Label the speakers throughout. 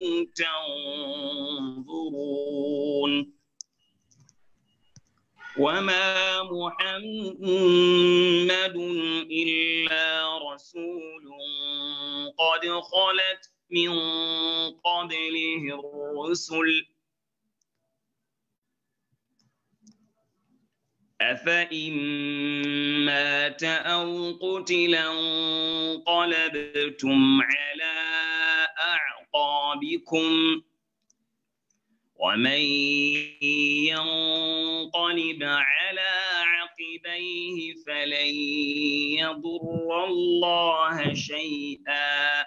Speaker 1: تنظرون وما محمد إلا رسول قد خلت من قبله الرسل أفإن مات أو قتلا انقلبتم على أعقابكم رقابكم ومن ينقلب على عقبيه فلن يضر الله شيئا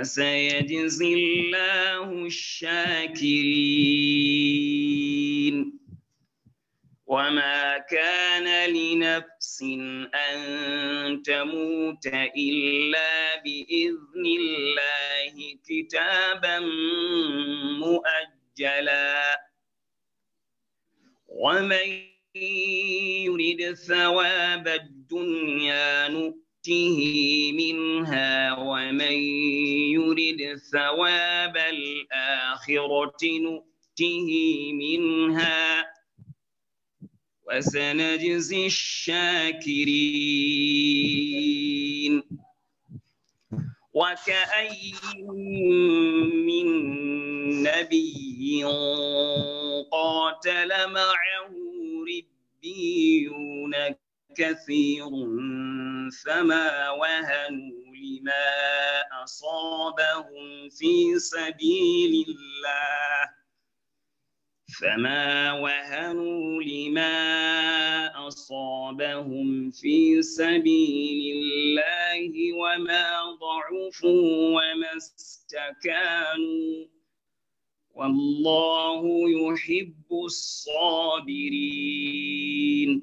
Speaker 1: وسيجزي الله الشاكرين وما كان لنفس نفس أن تموت إلا بإذن الله كتابا مؤجلا ومن يرد ثواب الدنيا نؤته منها ومن يرد ثواب الآخرة نؤته منها وسنجزي الشاكرين وكأي من نبي قاتل معه ربيون كثير فما وهنوا لما أصابهم في سبيل الله فما وهنوا لما أصابهم في سبيل الله وما ضعفوا وما استكانوا والله يحب الصابرين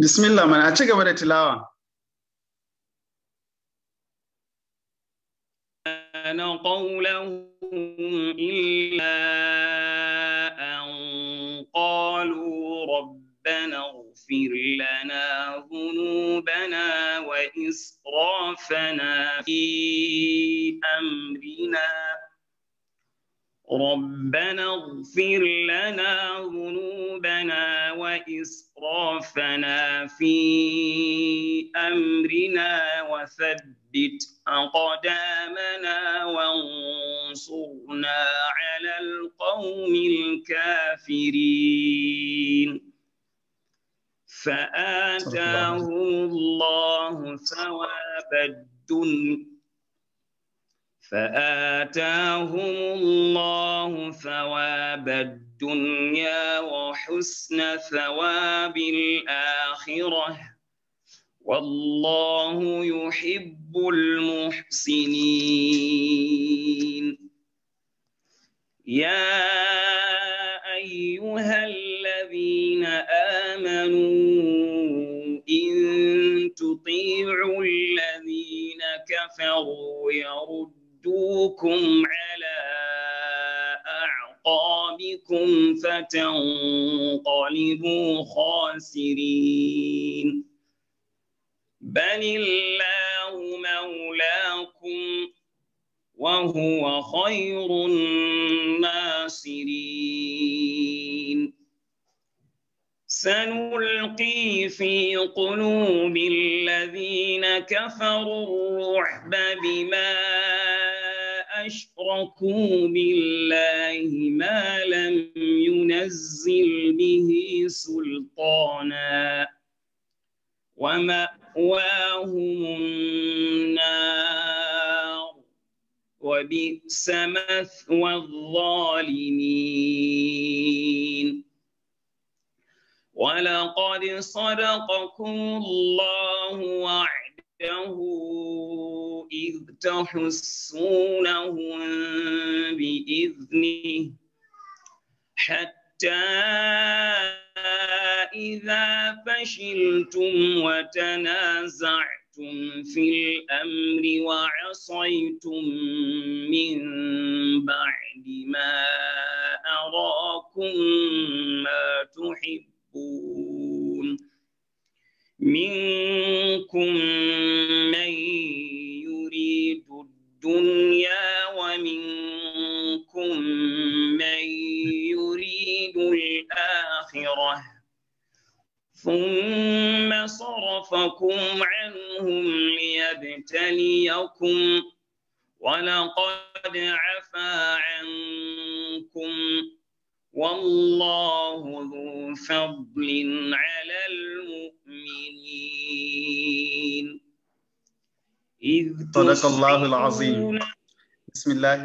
Speaker 2: بسم الله من ci gaba da
Speaker 1: أنا قولهم إلا أن قالوا ربنا اغفر لنا ذنوبنا وإسرافنا في أمرنا ربنا اغفر لنا ذنوبنا وإسرافنا في أمرنا وثبت أقدامنا وانصرنا على القوم الكافرين فآتاه الله ثواب الدنيا فآتاهم الله ثواب الدنيا وحسن ثواب الآخرة والله يحب المحسنين يا أيها الذين آمنوا إن تطيعوا الذين كفروا يرد يردوكم على أعقابكم فتنقلبوا خاسرين بل الله مولاكم وهو خير الناصرين سنلقي في قلوب الذين كفروا الرعب بما أشركوا بالله ما لم ينزل به سلطانا ومأواهم النار وبئس مثوى الظالمين ولقد صدقكم الله وعده إذ تحسونهم بإذنه حتى إذا فشلتم وتنازعتم في الأمر وعصيتم من بعد ما أراكم ما تحبون منكم من يريد الدنيا ومنكم من يريد الآخرة ثم صرفكم عنهم ليبتليكم ولقد عفا عنكم والله ذو فضل على المؤمنين
Speaker 2: صدق الله العظيم بسم الله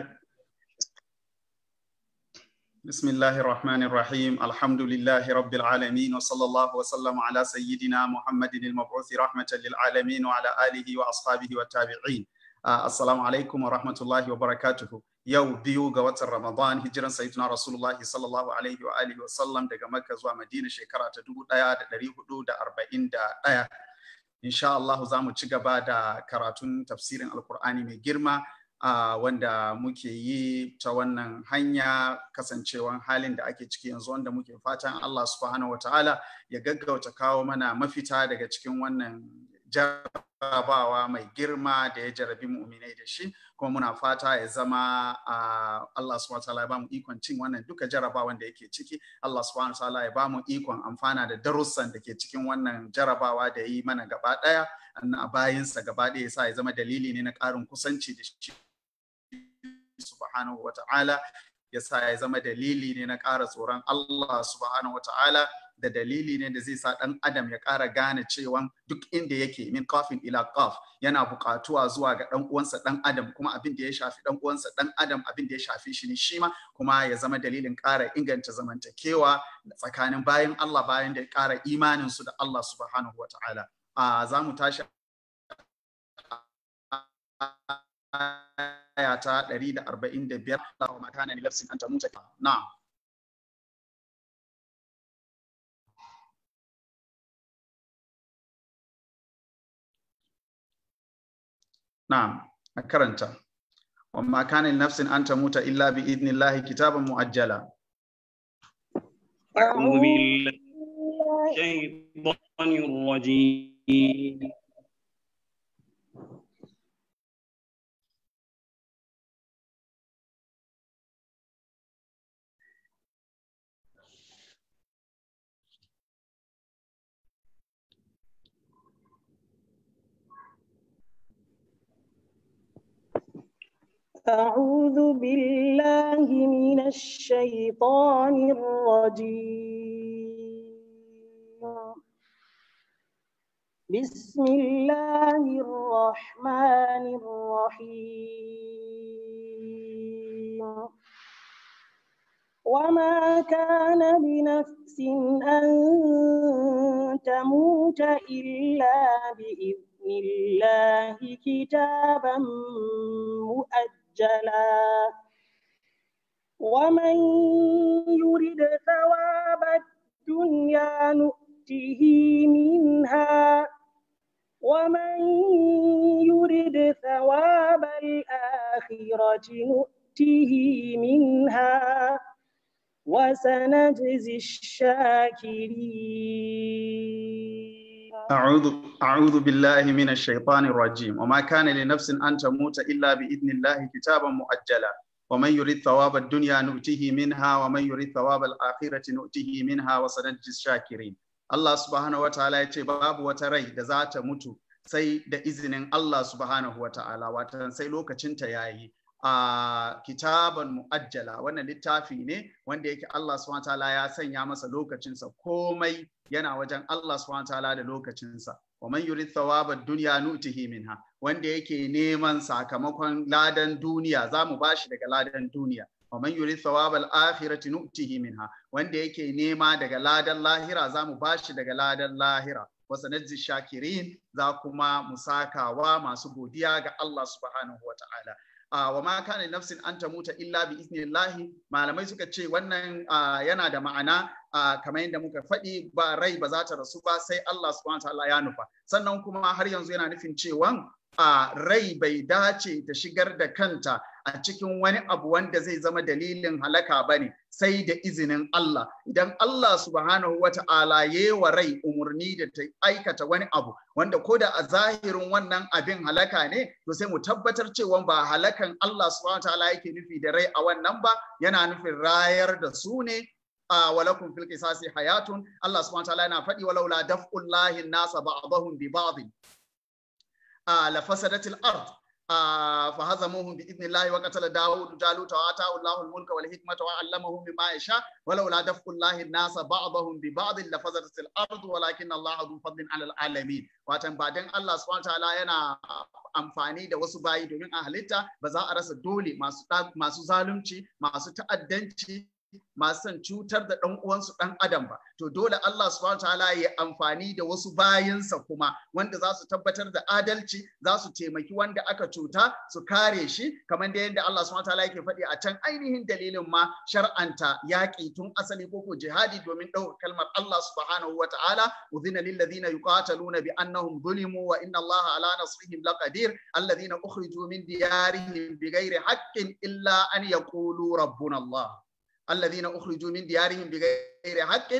Speaker 2: بسم الله الرحمن الرحيم الحمد لله رب العالمين وصلى الله وسلم على سيدنا محمد المبعوث رحمة للعالمين وعلى آله وأصحابه والتابعين Uh, assalamu alaikum wa rahmatullahi wa barakatuhu yau biyu ga watan ramadan hijiran sayyidina rasulullahi sallallahu alaihi wa alihi wa sallam daga makka zuwa madina shekara ta ɗaya. insha Allah za mu ci gaba da karatun tafsirin alkur'ani mai girma uh, wanda muke yi ta wannan hanya kasancewan halin da ake ciki yanzu wanda muke fatan Allah subhanahu wataala ya gaggauta kawo mana mafita daga cikin wannan jarabawa mai girma da ya jarabi mu'minai da shi kuma muna fata ya zama a Allah subhanahu wataala ya bamu ikon cin wannan duka jarabawan da yake ciki Allah subhanahu ya ya bamu ikon amfana da darussan da ke cikin wannan jarabawa da yi mana gaba daya na bayinsa gaba daya sa ya zama dalili ne na karin kusanci da shi subhanahu ta'ala ya sa ya zama dalili ne na ƙara tsoron Allah subhanahu ta'ala da dalili ne da zai sa ɗan adam ya ƙara gane cewa duk inda yake min kafin ila kaf yana buƙatuwa zuwa ga ɗan uwansa ɗan adam kuma abin da ya shafi ɗan uwansa ɗan adam abin da ya shafi shi ne shi ma kuma ya zama dalilin ƙara inganta zamantakewa tsakanin bayan Allah bayan da ya ƙara imanin su da Allah subhanahu wataala a za mu tashi aya ta 145 Allahumma kana li nafsin anta mutaka na'am na'am a karanta wamma kana nafsin an tamuta illa bi idnillahi kitaban muajjala أعوذ
Speaker 1: بالله الشيطان الرجيم
Speaker 3: أعوذ بالله من الشيطان الرجيم بسم الله الرحمن الرحيم وما كان بنفس أن تموت إلا بإذن الله كتابا مؤدبا مجانا ومن يرد ثواب الدنيا نؤته منها ومن يرد ثواب الآخرة نؤته منها وسنجزي الشاكرين
Speaker 2: أعوذ أعوذ بالله من الشيطان الرجيم وما كان لنفس أن تموت إلا بإذن الله كتابا مؤجلا ومن يريد ثواب الدنيا نؤته منها ومن يريد ثواب الآخرة نؤته منها وسنجزي الشاكرين الله سبحانه وتعالى يتي باب وتري دزات متو sai da izinin Allah subhanahu wa ta'ala watan sai lokacinta yayi a kitaban mu'ajjala wannan littafi ne wanda yake Allah subhanahu ya sanya masa lokacinsa komai yana wajen Allah subhanahu ta'ala da lokacinsa wa man yurid thawabad dunya nu'tihi minha wanda yake neman sakamakon ladan duniya zamu bashi daga ladan duniya wa man yurid thawabal akhirati nu'tihi minha wanda yake nema daga ladan lahira zamu shi daga ladan lahira wa sanajzi shakirin za kuma musakawa masu godiya ga Allah subhanahu wa ta'ala Ah, wa ma kana nafsin an tamuta illa bi iznillahi malamai suka ce wannan ah, yana da ma'ana ah, kamar yadda muka faɗi ba rai ba za ta rasu ba sai Allah subhanahu ta'ala ya nufa sannan kuma har yanzu yana nufin cewa rai bai dace ta shigar da kanta a cikin wani abu wanda zai zama dalilin halaka ba ne sai da izinin Allah. Idan Allah subhanahu wa ta'ala wa rai umarni da ta aikata wani abu wanda ko da a zahirin wannan abin halaka ne to sai mu tabbatar cewa ba halakan Allah subhanahu wa ta'ala yake nufi da rai a wannan ba yana nufin rayar da su ne a walakum fil qisasi hayatun Allah subhanahu wa ta'ala yana faɗi walaula daf'ullahi nasa ba'dahum bi ba'd A lafasadatil ard fa بإذن bi وقتل wa جالوت daud الله الملك والحكمة mulka wal hikmata wa 'allamahu بعضهم ببعض wa الأرض ولكن الله nasa فضل bi العالمين واتن بعدين الله سبحانه وتعالى dhu ba dan Allah amfani da wasu bayi domin a halitta ba za a rasa dole masu zalunci masu ta'addanci masu son cutar da ɗan uwansu ɗan adam ba to dole Allah subhanahu ta'ala ya amfani da wasu bayansa kuma wanda za su tabbatar da adalci za su taimaki wanda aka cuta su kare shi kamar da yadda Allah subhanahu ta'ala yake faɗi a can ainihin dalilin ma shar'anta yaƙi tun asali ko ko jihadi domin ɗaukar kalmar Allah subhanahu wa ta'ala udhina lil ladina yuqataluna bi annahum zulimu wa inna Allah ala nasrihim laqadir alladhina ukhriju min diyarihim bighairi haqqin illa an yaqulu rabbuna Allah الذين أخرجوا من ديارهم بغير حق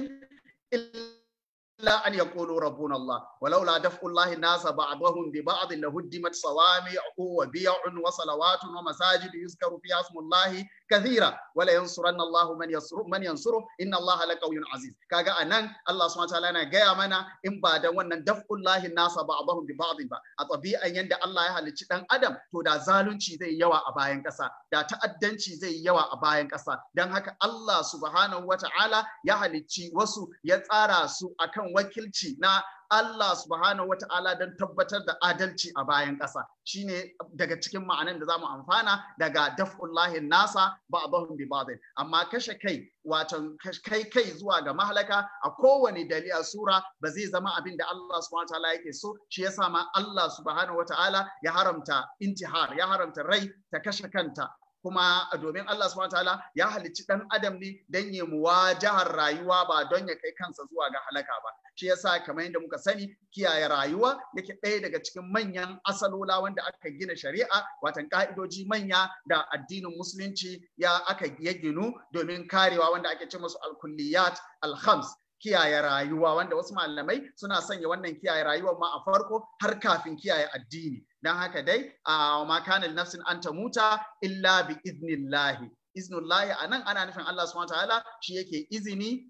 Speaker 2: إلا أن يقولوا ربنا الله ولولا دفع الله الناس بعضهم ببعض لهدمت صوامع وبيع وصلوات ومساجد يذكر فيها اسم الله kathira wala yansuranna Allahu man yasuru man yansuru inna Allaha laqawiyyun aziz kaga anan Allah subhanahu wataala gaya mana in ba dan wannan daf'ullahi nasa a bi ba'd ba a tabi'an yanda Allah ya halicci dan adam to da zalunci zai yawa a bayan kasa da ta'addanci zai yawa a bayan kasa dan haka Allah subhanahu Ta'ala ya halici wasu ya tsara su akan wakilci na Allah subhanahu wata'ala don tabbatar da adalci a bayan ƙasa shine daga cikin ma'anan da zamu amfana daga daf'ullahin nasa ba a bi bibabe. amma kashe kai wato kai kai zuwa ga mahalaka a kowane dali a sura ba zai zama abin da Allah subhanahu wata'ala yake so shi yasa ma Allah subhanahu wata'ala ya haramta intihar ya haramta rai ta kashe kanta kuma domin Allah subhanahu wataala ya halicci dan adam ne dan ya muwajahar rayuwa ba don ya kai kansa zuwa ga halaka ba shi yasa kamar yadda muka sani kiyaye rayuwa yake ɗaya daga cikin manyan asalola wanda aka gina shari'a watan ka'idoji manya da addinin musulunci ya aka yaginu domin karewa wanda ake ce musu al khams kiyaye rayuwa wanda wasu malamai suna sanya wannan kiyaye rayuwa ma a farko har kafin kiyaye addini Don haka dai a makanin nafsin an muta illa bi iznillahi. iznullahi a nan ana nufin Allah subhanahu ta'ala shi yake izini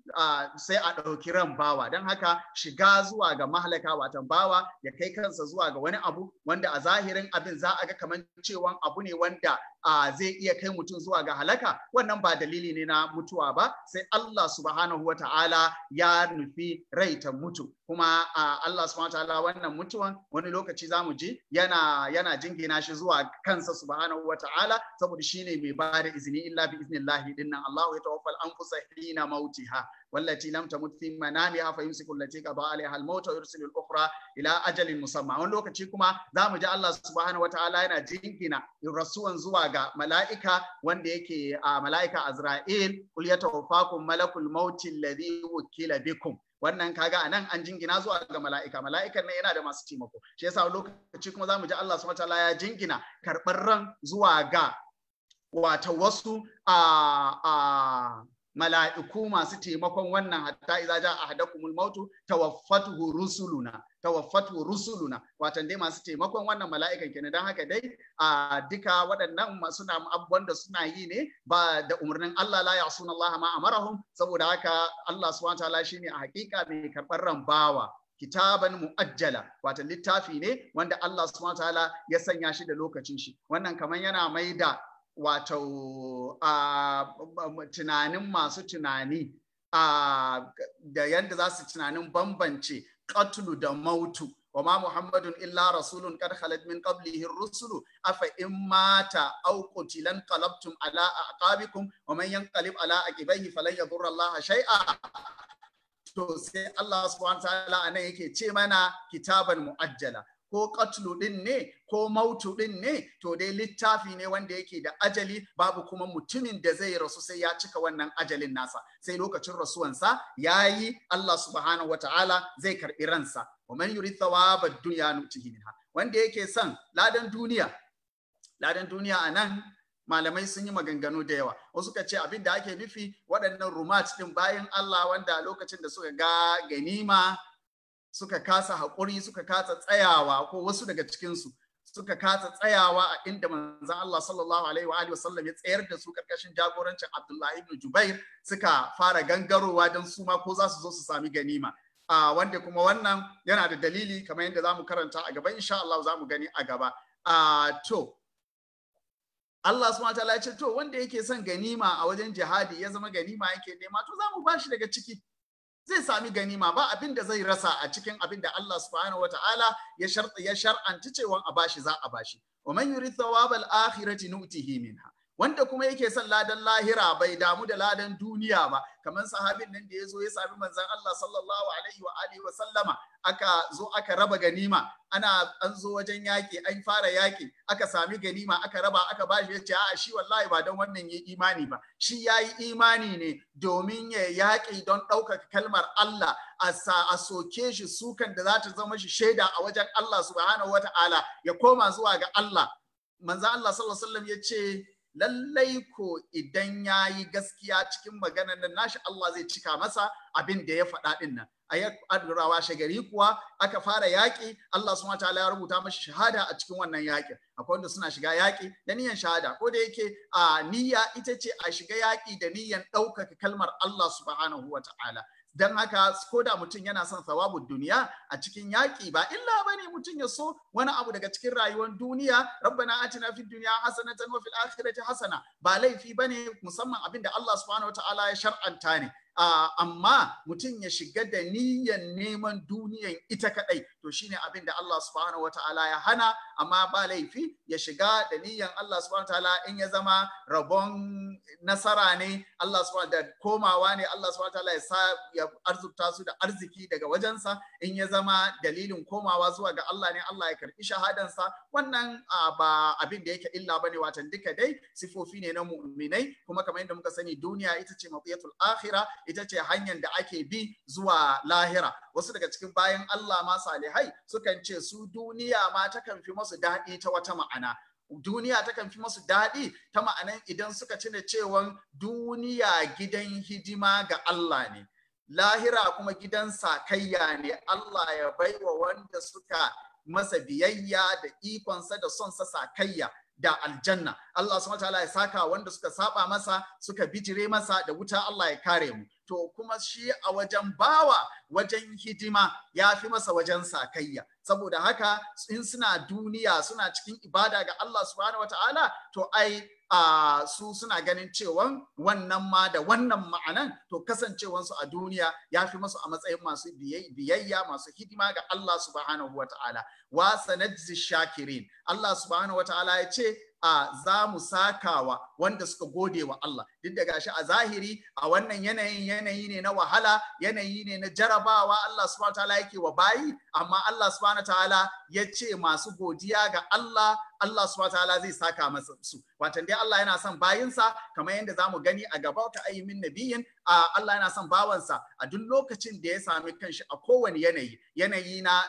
Speaker 2: sai a ɗauki ran bawa don haka shiga zuwa ga mahalaka watan bawa ya kai kansa zuwa ga wani abu wanda a zahirin abin za a ga kamar cewa abu ne wanda zai iya kai mutum zuwa ga halaka wannan ba dalili ne na mutuwa ba sai Allah subhanahu wa ta'ala ya nufi rai ta mutu kuma Allah subhanahu wa ta'ala wannan mutuwan wani lokaci za mu ji yana yana jingina shi zuwa kansa subhanahu wa ta'ala saboda shine mai ba da izini illa bi iznillahi dinnan Allah ya tawaffal anfusa hina mautiha wallati lam tamut fi manamiha fa yumsiku allati qada alaiha al wa yursilu ila ajalin musamma wani lokaci kuma zamu ji Allah subhanahu wataala yana jinkina rasuwan zuwa ga mala'ika wanda yake a mala'ika Azra'il kul yatawaffakum malakul maut alladhi wukila bikum wannan kaga anan an jingina zuwa ga mala'ika mala'ikan ne yana da masu taimako shi yasa lokaci kuma zamu ji Allah subhanahu wataala ya jingina karbar ran zuwa ga wato wasu a mala'iku masu taimakon wannan hatta iza ja ahadakumul mautu tawaffatuhu rusuluna tawaffatu rusuluna watan dai masu taimakon wannan mala'ikan kenan dan haka dai a duka waɗannan na abubuwan da suna yi ne ba da umarnin Allah la ya'suna Allah ma amarahum saboda haka Allah subhanahu ta'ala shine a hakika mai karɓar rambawa. kitaban mu'ajjala wata littafi ne wanda Allah subhanahu ta'ala ya sanya shi da lokacin shi wannan kaman yana maida wato a tunanin masu tunani a da yadda za su tunanin bambance katlu da mautu wa ma muhammadun illa rasulun kad khalat min qablihi rusulu afa in mata aw qutilan qalabtum ala aqabikum wa man yanqalib ala aqibayhi falan yadurra Allah shay'a to sai Allah subhanahu wa ta'ala anan yake ce mana kitaban muajjala ko katlu din ne ko mautu din ne to dai littafi ne wanda yake da ajali babu kuma mutumin da zai rasu sai ya cika wannan ajalin nasa sai lokacin rasuwansa yayi Allah subhanahu wataala zai karbi ransa wa man yurid thawaba dunya nutihi minha wanda yake son ladan duniya ladan duniya anan malamai sun yi maganganu da yawa wasu ka ce abin da ake nufi waɗannan rumat din bayan Allah wanda lokacin da suka ga ganima suka kasa haƙuri suka kasa tsayawa ko wasu daga cikin su suka kasa tsayawa a inda manzon Allah sallallahu alaihi wa alihi wasallam ya tsayar da su karkashin jagorancin Abdullahi ibn Jubair suka fara gangarowa don su ma ko za su zo su sami ganima a wanda kuma wannan yana da dalili kamar yadda zamu karanta a gaba insha Allah zamu gani a gaba a to Allah subhanahu wataala ya ce to wanda yake son ganima a wajen jihadi ya zama ganima yake nema to zamu bashi daga ciki zai sami ganima ba abin da zai rasa a cikin abin da Allah subhanahu wata'ala ya shar'anci cewa a bashi za a bashi wa man yurid thawabal akhirati nu'tihi minha wanda kuma yake son ladan lahira bai damu da ladan duniya ba kamar sahabin nan da ya zo ya sami manzon Allah sallallahu alaihi wa alihi wa sallama aka zo aka raba ganima ana an zo wajen yaki an fara yaki aka sami ganima aka raba aka ba shi yace a shi wallahi ba dan wannan yi imani ba shi yayi imani ne domin ya yaƙi don ɗaukaka kalmar Allah a soke shi sukan da za ta zama shi shaida a wajen Allah subhanahu wa ya koma zuwa ga Allah Manzan Allah sallallahu alaihi wa sallam ya lallai ko idan ya yi gaskiya cikin maganar nan nashi Allah zai cika masa abin da ya faɗa ɗin nan a yi adurawa shagari kuwa aka fara yaƙi Allah su ta'ala ya rubuta mashi shahada a cikin wannan yaƙin akwai wanda suna shiga yaƙi da niyan shahada ko da yake a niyya ita ce a shiga yaƙi da niyyar ɗaukaka kalmar Allah subhanahu wa ta'ala don haka ko da mutum yana son sawabun duniya a cikin yaƙi ba illa bane mutum ya so wani abu daga cikin rayuwar duniya rabbana atina duniya dunya hasanatan wa fil akhirati hasana ba laifi bane musamman abin da Allah subhanahu ta'ala ya shar'anta ne amma mutum ya shiga da niyyar neman duniyan ita kadai to shine abin da Allah subhanahu wataala ya hana amma ba laifi ya shiga da niyyar Allah subhanahu wataala in ya zama rabon nasara ne Allah subhanahu da komawa ne Allah subhanahu wataala ya sa ya arzuta su da arziki daga wajensa in ya zama dalilin komawa zuwa ga Allah ne Allah ya karbi shahadansa wannan ba abin da yake illa bane watan duka dai sifofi ne na mu'minai kuma kamar yadda muka sani duniya ita ce maqiyatul akhirah ita ce hanyar da ake bi zuwa lahira wasu daga cikin bayan Allah ma salihai sukan ce su duniya ma takan fi masu daɗi ta wata ma'ana duniya ta kan fi masu daɗi ta ma'anan idan suka cire cewan duniya gidan hidima ga Allah ne lahira kuma gidan sakayya ne Allah ya baiwa wanda suka masa biyayya da ikonsa da sonsa sakayya da aljanna Allah subhanahu ta'ala ya saka wanda suka saba masa suka bijire masa da wuta Allah ya kare mu to kuma shi a wajen bawa wajen hidima ya fi masa wajen sakayya saboda haka in suna duniya suna cikin ibada ga Allah subhanahu wataala to ai a su suna ganin cewan wannan ma da wannan ma'anan to kasancewansu a duniya ya fi masu a matsayin masu biyayya masu hidima ga Allah subhanahu wataala wa sanajzi shakirin Allah subhanahu wataala ya ce a za mu sakawa wanda suka gode wa Allah duk da gashi a zahiri a wannan yanayin yanayi ne na wahala yanayi ne na jarabawa Allah subhanahu ta'ala yake wa bayi amma Allah subhanahu ta'ala ya ce masu godiya ga Allah Allah subhanahu ta'ala zai saka masa su watan dai Allah yana son bayinsa kamar yadda zamu gani a gaba ta ayyimin nabiyin Allah yana son bawansa a duk lokacin da ya sami kanshi a kowane yanayi yanayi na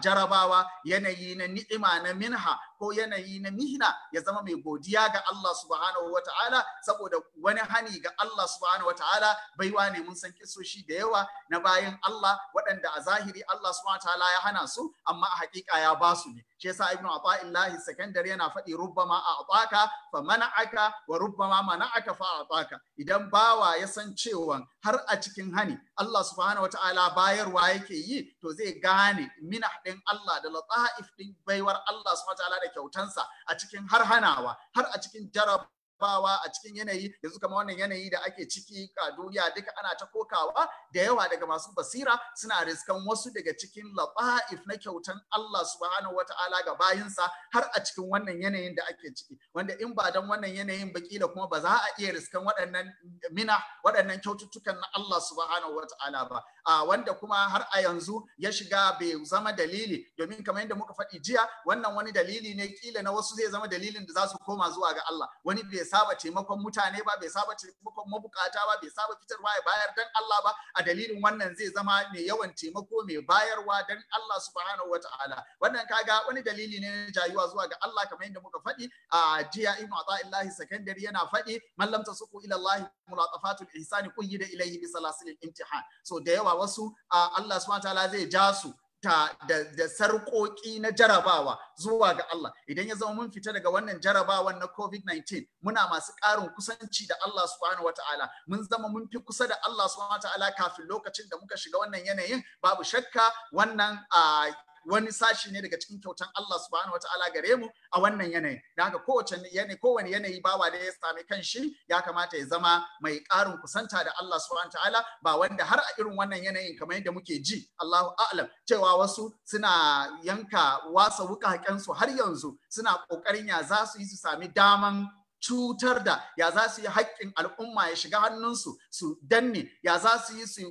Speaker 2: jarabawa yanayi na ni'ima na minha ko yanayi na mihna ya zama mai godiya ga Allah subhanahu wa ta'ala saboda wani hani ga Allah subhanahu wa ta'ala baiwa ne mun san kisoshi da yawa na bayan Allah waɗanda a zahiri Allah subhanahu wa ta'ala ya hana su amma a haƙiƙa ya ba su ne shi yasa ibnu illahi sakandare yana faɗi rubbama a ataka fa mana'aka wa rubbama mana'aka fa ataka idan bawa ya san cewa har a cikin hani Allah subhanahu ta'ala bayarwa yake yi to zai gane minah din Allah da lataif din baiwar Allah subhanahu wataala da kyautansa a cikin har hanawa har a cikin jarab bawa a cikin yanayi yanzu kamar wannan yanayi da ake ciki a duniya duka ana ta kokawa da yawa daga masu basira suna riskan wasu daga cikin laba'if na kyautan Allah subhanahu wata'ala ga bayinsa har a cikin wannan yanayin da ake ciki wanda in ba dan wannan yanayin bakila kuma ba za a iya riskan waɗannan mina waɗannan kyaututtukan na Allah subhanahu wata'ala ba a wanda kuma har a yanzu ya shiga bai zama dalili domin kamar yadda muka faɗi jiya wannan wani dalili ne kila na wasu zai zama dalilin da za su koma zuwa ga Allah wani bai bai saba taimakon mutane ba bai saba taimakon mabukata ba bai saba fitarwa ya bayar dan Allah ba a dalilin wannan zai zama mai yawan taimako mai bayarwa dan Allah subhanahu wataala wannan kaga wani dalili ne na jayuwa zuwa ga Allah kamar yadda muka faɗi a jiya ibnu illahi sakandari yana faɗi man lam tasuqu ila Allah mulatafatul ihsani ilai ilayhi bi salasil imtihan so da yawa wasu Allah subhanahu wataala zai ja su ta da, da sarƙoƙi na jarabawa zuwa ga Allah idan ya zama mun fita daga wannan jarabawan na COVID-19 muna masu ƙarin kusanci da Allah subhanahu wataala mun zama mun fi kusa da Allah subhanahu wataala kafin lokacin da muka shiga wannan yanayin babu shakka wannan ah, wani sashi ne daga cikin kyautan Allah subhanahu ta'ala gare mu a wannan yanayin da haka kowace yanayi kowane yanayi bawa da ya sami shi ya kamata ya zama mai ƙarin kusanta da Allah subhanahu ta'ala. ba wanda har a irin wannan yanayin kamar yadda muke ji Allahu a'lam cewa wasu suna yanka wasa wuƙaƙensu har yanzu suna kokarin ya za su yi su sami daman cutar da ya za su yi haƙƙin al'umma ya shiga hannunsu su danne ya za su yi su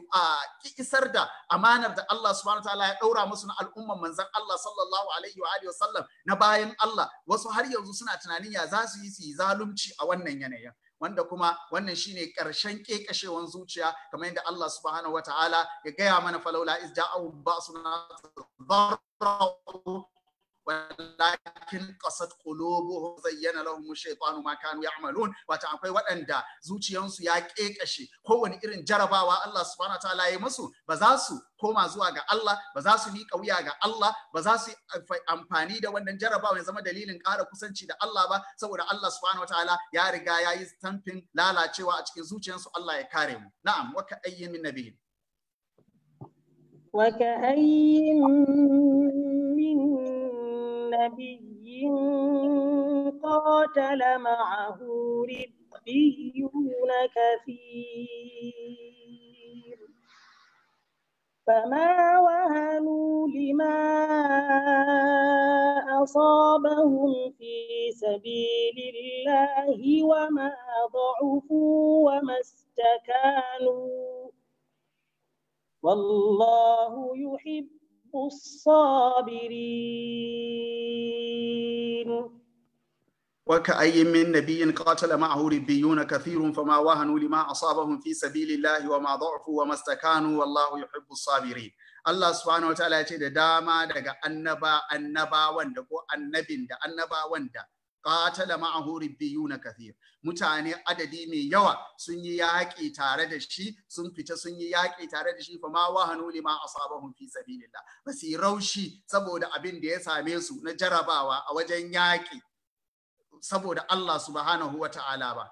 Speaker 2: isar da amanar da Allah subhanahu wa ta'ala ya ɗaura musu na al'umman manzan Allah sallallahu alaihi wa alihi wasallam na bayan Allah wasu har yanzu suna tunanin ya za su yi su yi zalunci a wannan yanayin wanda kuma wannan shine ƙarshen ƙeƙashewan zuciya kamar yadda Allah subhanahu wa ta'ala ya gaya mana falaula iz ja'ahum ba'suna walakin qasat qulubuhum zayyana lahum shaytanu ma kanu ya'malun wato akwai waɗanda zuciyansu ya kekashe kowane irin jarabawa Allah subhanahu wataala ya musu ba za su koma zuwa ga Allah ba za su miƙa wuya ga Allah ba za su amfani da wannan jarabawa ya zama dalilin ƙara kusanci da Allah ba saboda Allah subhanahu ya riga ya yi stamping lalacewa a cikin zuciyansu Allah ya kare mu na'am wa ka ayyin min nabiyyin
Speaker 3: وكأي من نبي قاتل معه ربيون كثير فما وهنوا لما أصابهم في سبيل الله وما ضعفوا وما استكانوا
Speaker 2: والله
Speaker 3: يحب الصابرين
Speaker 2: وكأي من نبي قاتل معه ربيون كثير فما وهنوا لما أصابهم في سبيل الله وما ضعفوا وما استكانوا والله يحب الصابرين Allah subhanahu wa ta'ala ya ce da dama daga annaba annaba wanda ko annabin da annaba wanda qatala ma'ahu ribbiyuna kathir mutane adadi mai yawa sun yi yaƙi tare da shi sun fita sun yi yaƙi tare da shi fa ma wahanu lima asabahum fi sabilillah basi raushi saboda abin da ya same su na jarabawa a wajen yaƙi saboda Allah subhanahu wa ta'ala ba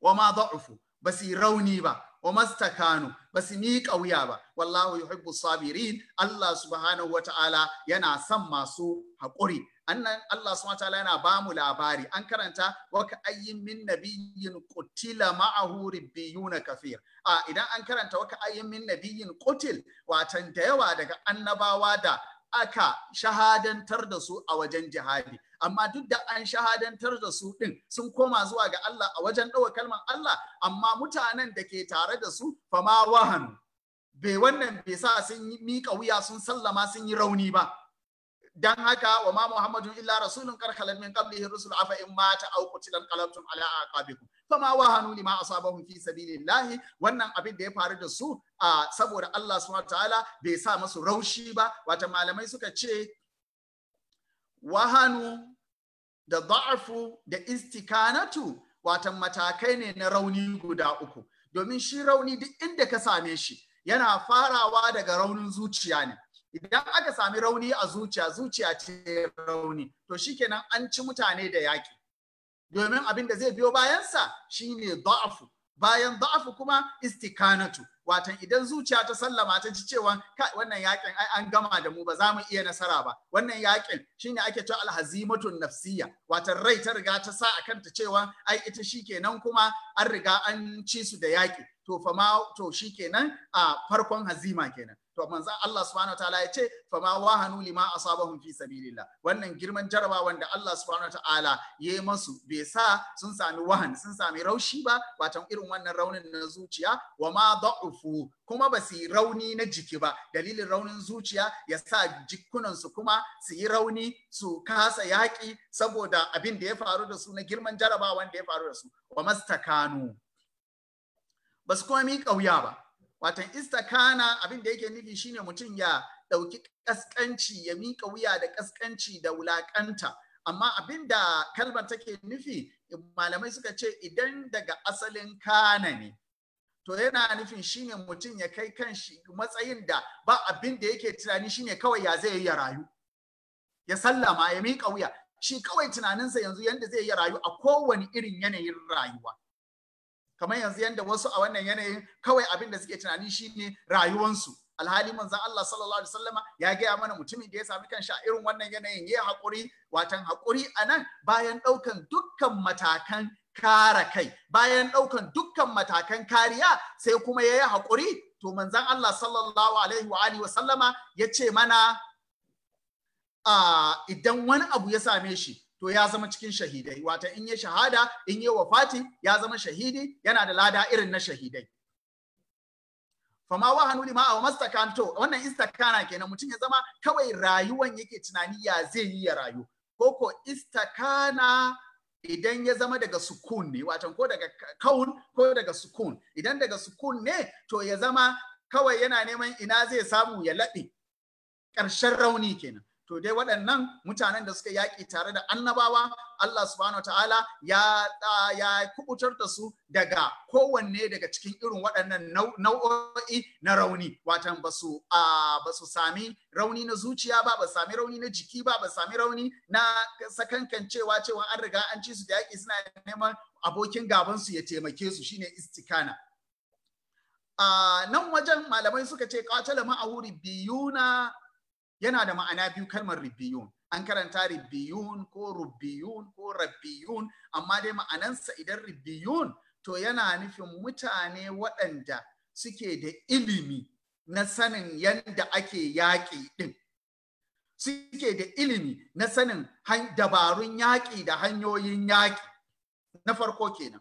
Speaker 2: wa ma da'ufu basi rauni ba wa Kano basu su miƙa wuya ba wallahu ya yuhibbu sabirin Allah subhanahu wata'ala yana son masu haƙuri annan Allah subhanahu wata'ala yana ba mu labari an karanta wa ka ayyin min nabiyyin qutila ma'ahu ribbiyuna kafir a idan an karanta wa ka ayyin min nabiyyin qutil watan da yawa daga annabawa da aka shahadantar da su a wajen jihadi amma duk da an shahadantar da su ɗin sun koma zuwa ga Allah a wajen ɗaua kalmar Allah amma mutanen da ke tare da su fama wahan bai wannan bai sa sun yi miƙa wuya sun sallama sun yi rauni ba dan haka wa ma muhammadun illa rasulun karkalan min qablihi rusul afa in mata au qutilan qalabtum ala aqabikum fama wahanu lima asabahum fi sabilillahi wannan abin da ya faru da su saboda Allah subhanahu ta'ala bai sa masu raushi ba wata malamai suka ce wahanu da ba'afu da istikanatu watan matakai ne na rauni guda uku domin shi rauni duk inda ka same shi yana farawa daga raunin zuciya ne idan aka sami rauni a zuciya zuciya ce rauni to shi shikenan an ci mutane da yaƙi domin abin da zai biyo bayansa shine da'afu bayan da'afu kuma istikanatu watan idan zuciya ta sallama ta ji cewa wannan yakin ai an gama da mu ba za mu iya nasara ba wannan yakin shine ake cewa alhazimatun nafsiyya watan rai ta riga ta sa akan ta cewa ai ita shikenan kuma an riga an ci su da yaki to fa ma to shikenan a farkon hazima kenan to manzon Allah subhanahu wataala ya ce fa ma wahanu lima asabahum fi sabilillah wannan girman jaraba wanda Allah subhanahu wataala ya yi masu bai sa sun sami wahan sun sami raushi ba watan irin wannan raunin na zuciya wa ma da'ufu kuma ba su yi rauni na jiki ba dalilin raunin zuciya ya sa jikunansu kuma su yi rauni su kasa yaƙi saboda abin da ya faru da su na girman jaraba wanda ya faru da su wa mastakanu ba su kuma mi wuya ba watan istakana abin da yake nufi shine mutum ya ɗauki ƙasƙanci ya miƙa wuya da ƙasƙanci da wulaƙanta amma abin da kalmar take nufi malamai suka ce idan daga asalin kana ne to yana nufin shine mutum ya kai kanshi shi matsayin da ba abin da yake tunani shine kawai ya zai ya rayu ya sallama ya mika wuya shi kawai tunaninsa yanzu yanda zai ya rayu a kowane irin yanayin rayuwa kamar yanzu yanda wasu a wannan yanayin kawai abin da suke tunani shine rayuwansu alhali manzo Allah sallallahu alaihi wasallama ya gaya mana mutumin da ya sami kan a irin wannan yanayin ya haƙuri watan haƙuri anan bayan ɗaukan dukkan matakan kara kai bayan ɗaukan dukkan matakan kariya sai kuma ya hakuri to manzon Allah sallallahu alaihi wa alihi wasallama ya ce mana ah, idan wani abu ya same shi to ya zama cikin shahidai wato in ya shahada in ya wafati ya zama shahidi yana da lada irin na shahidai fama wa hannu lima a mastakanto wannan istakana kenan mutum ya zama kawai rayuwan yake tunani ya zai yi ya rayu ko ko istakana idan ya zama daga sukun ne watan ko daga kaun ko daga sukun idan daga sukun ne to ya zama kawai yana neman ina zai samu ya laɓe ƙarshen rauni kenan to dai waɗannan mutanen da suka yaƙi tare da annabawa Allah subhanahu ta'ala ya ya kubutar da su daga kowanne daga cikin irin waɗannan nau'o'i na rauni watan ba su ba sami rauni na zuciya ba ba sami rauni na jiki ba ba sami rauni na sakankancewa cewa an riga an ci su da yaƙi suna neman abokin gaban su ya taimake su shine istikana a nan wajen malamai suka ce qatala ma'ahuri biyuna yana da ma'ana biyu kalmar ribiyun an karanta ribiyun ko rubiyun, ko rabiyun, amma dai ma'anansa idan ribiyun to yana nufin mutane waɗanda suke da ilimi na sanin yadda ake yaƙi ɗin suke da ilimi na sanin dabarun yaƙi da hanyoyin yaƙi na farko kenan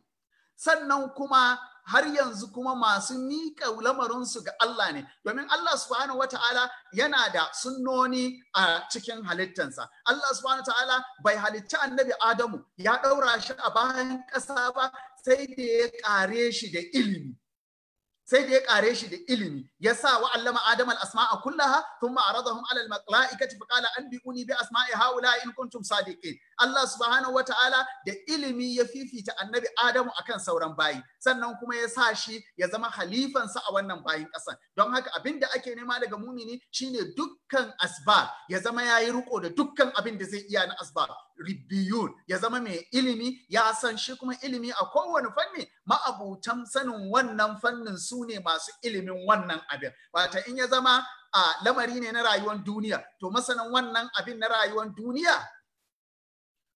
Speaker 2: sannan kuma har yanzu kuma masu miƙa lamarinsu ga Allah ne domin Allah subhanahu wata'ala yana da sunnoni a cikin halittansa Allah subhanahu wata'ala bai halicci annabi Adamu ya ɗaura shi a bayan ƙasa ba sai da ya ƙare shi da ilimi sai da ya ƙare shi da ilimi yasa wa allama adam al asma'a kullaha thumma aradahum ala al malaikati fa qala anbi'uni bi asma'i haula in kuntun sadiqin Allah subhanahu wa ta'ala da ilimi ya fifita annabi Adamu a kan sauran bayi sannan kuma ya sa shi ya zama halifansa a wannan bayin ƙasan don haka abin da ake nema daga mumini shine dukkan asbab ya zama ya yi riko da dukkan abin da zai iya na asbab ribiyun ya zama mai ilimi ya san shi kuma ilimi a kowane fanni ma'abutan sanin wannan fannin su ne masu ilimin wannan abin wata in ya zama a lamari ne na rayuwar duniya to masanan wannan abin na rayuwar duniya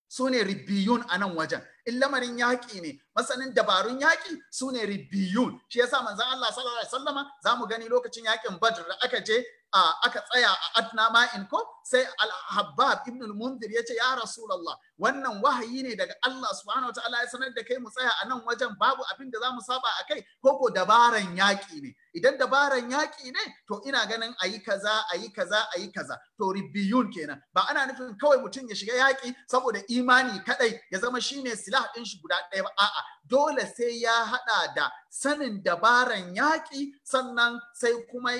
Speaker 2: su ne ribiyun a nan wajen in lamarin yaƙi ne masanin dabarun yaƙi su ne ribiyun shi yasa manzon Allah sallallahu alaihi wasallama za mu gani lokacin yaƙin Badr da aka je aka tsaya a adna ma'in ko sai al-habbab ibn al ya ce ya rasulullah wannan wahayi ne daga Allah subhanahu wataala ya sanar da kai mu tsaya a nan wajen babu abin da zamu saba a kai ko ko dabaran yaƙi ne idan dabaran yaƙi ne to ina ganin ayi kaza ayi kaza ayi kaza to ribiyun kenan ba ana nufin kawai mutum ya shiga yaƙi saboda imani kadai ya zama shine silah din shi guda ɗaya ba a'a dole sai ya hada da sanin dabaran yaƙi sannan sai kuma